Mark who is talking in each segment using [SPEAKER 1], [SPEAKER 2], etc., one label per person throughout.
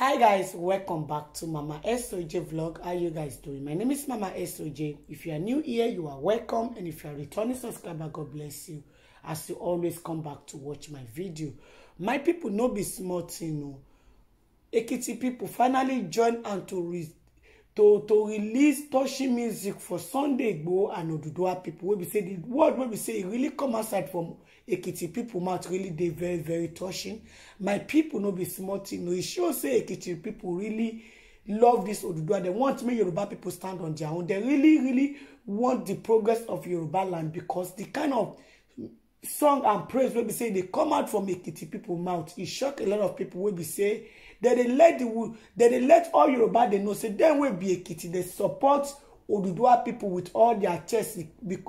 [SPEAKER 1] hi guys welcome back to mama soj vlog how you guys doing my name is mama soj if you are new here you are welcome and if you are returning subscriber god bless you as you always come back to watch my video my people no be small thing o ekiti people finally join and to re to to release touching music for sunday Igbo and oduduwa people. wey be say the word wey be say e really come outside from ekiti pipo mouth really dey very very touching my people no be small tin o e show say ekiti people really love this oduduwa They want make yoruba people stand on their own They really really want the progress of yoruba land because the kind of song and praise wey be say dey come out from ekiti pipo mouth e shock a lot of people wey be say They dey let the they dey let all yoruba dey know say dem wey be ekiti dey support oduduwa pipo with all their chest with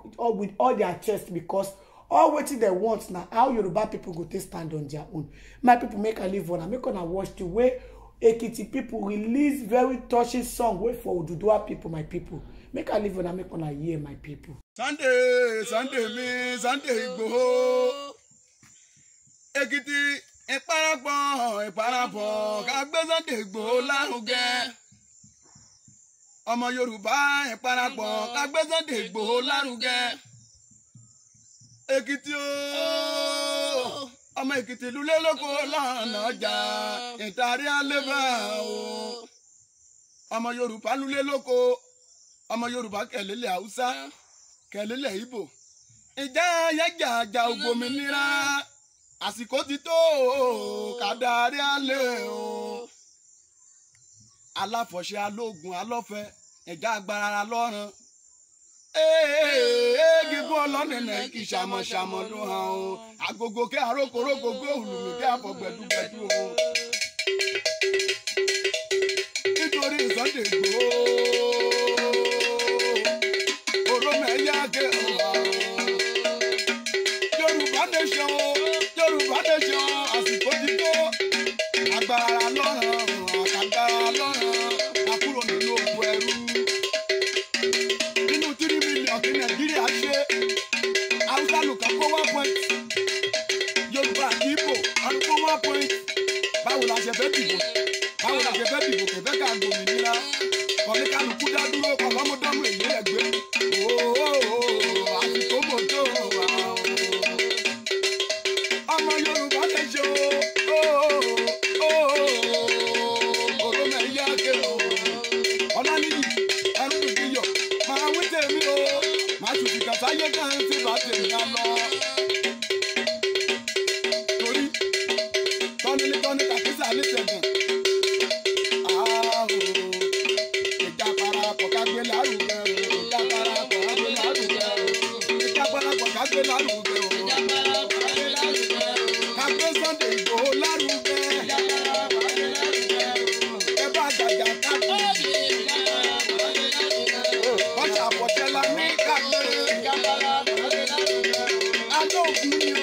[SPEAKER 1] all their chest because all wetin dem want na how yoruba pipo go take stand on their own my pipo make i leave on make una watch the way ekiti pipo release very touching song wey for oduduwa pipo my pipo make i leave on make una hear my pipo
[SPEAKER 2] sunday sunday mi sunday igboho ekiti ìparapọ̀ ìparapọ̀ ká gbé Sunday Igboho lárugẹ ọmọ Yorùbá ìparapọ̀ ká gbé Sunday Igboho lárugẹ Èkìtì ooo ọmọ Èkìtì lulẹ̀ lóko lọ́nà ọjà ìtàrí alẹ́fẹ́ ooo ọmọ Yorùbá lulẹ̀ lóko ọmọ Yorùbá kẹ̀lélẹ̀ Haúsá kẹ̀lélẹ̀ Ìgbò ìjà ayájà àjà ògbòmìnira àsìkò ti tó kàdárí alẹ́ o aláfọ̀ṣẹ alógun alọ́fẹ́ ẹ̀já agbára lọ́rùn gbígbó ọlọ́nìnà kì í ṣàmọ̀ṣàmọ̀ ló hàn o agogo kí arókoróko gbé òlùmí kí àfọ̀gbẹ̀dúgbẹ̀dú o. what? Thank you.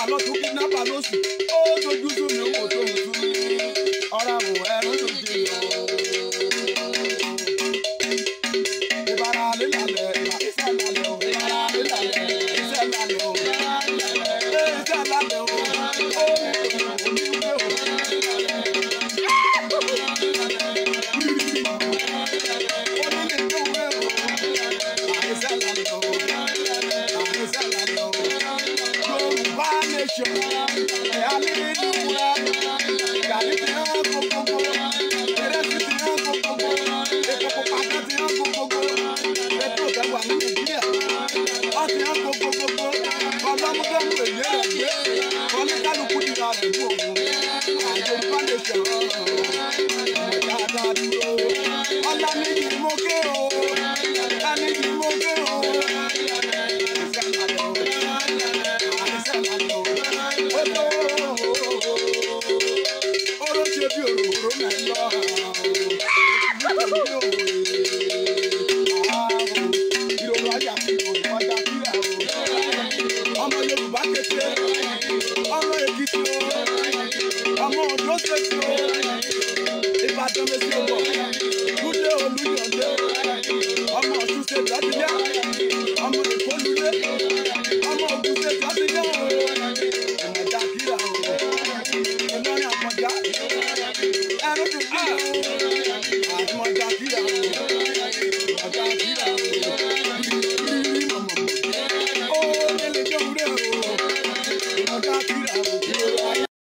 [SPEAKER 2] kidnapper lọ́tún kidnapper lósì ó dojú sú mi ó mọ̀ tó ń sú mi ọ̀rá wò ẹ́. lè wò ó àjò kan lè sọ̀rọ̀. Oh.